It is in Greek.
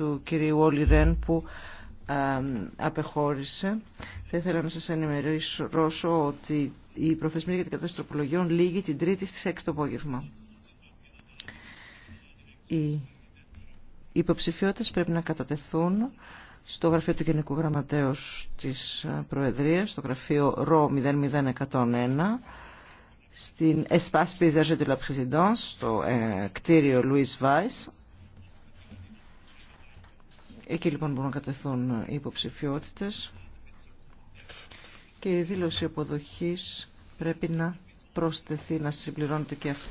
του κυρίου Όλι Ρεν που απεχώρησε. Θα ήθελα να σας ενημερώσω ότι η προθεσμία για την κατάσταση τροπολογιών λήγει την Τρίτη στις 6 το απόγευμα. Οι υποψηφιότητες πρέπει να κατατεθούν στο γραφείο του Γενικού Γραμματέως της ε, Προεδρίας, στο γραφείο ΡΟ 00101, στην Espace Paysager de la Présidence, στο ε, κτίριο Louis Weiss, Εκεί λοιπόν μπορούν να κατεθούν οι υποψηφιότητες και η δήλωση αποδοχής πρέπει να προσθεθεί, να συμπληρώνεται και αυτή.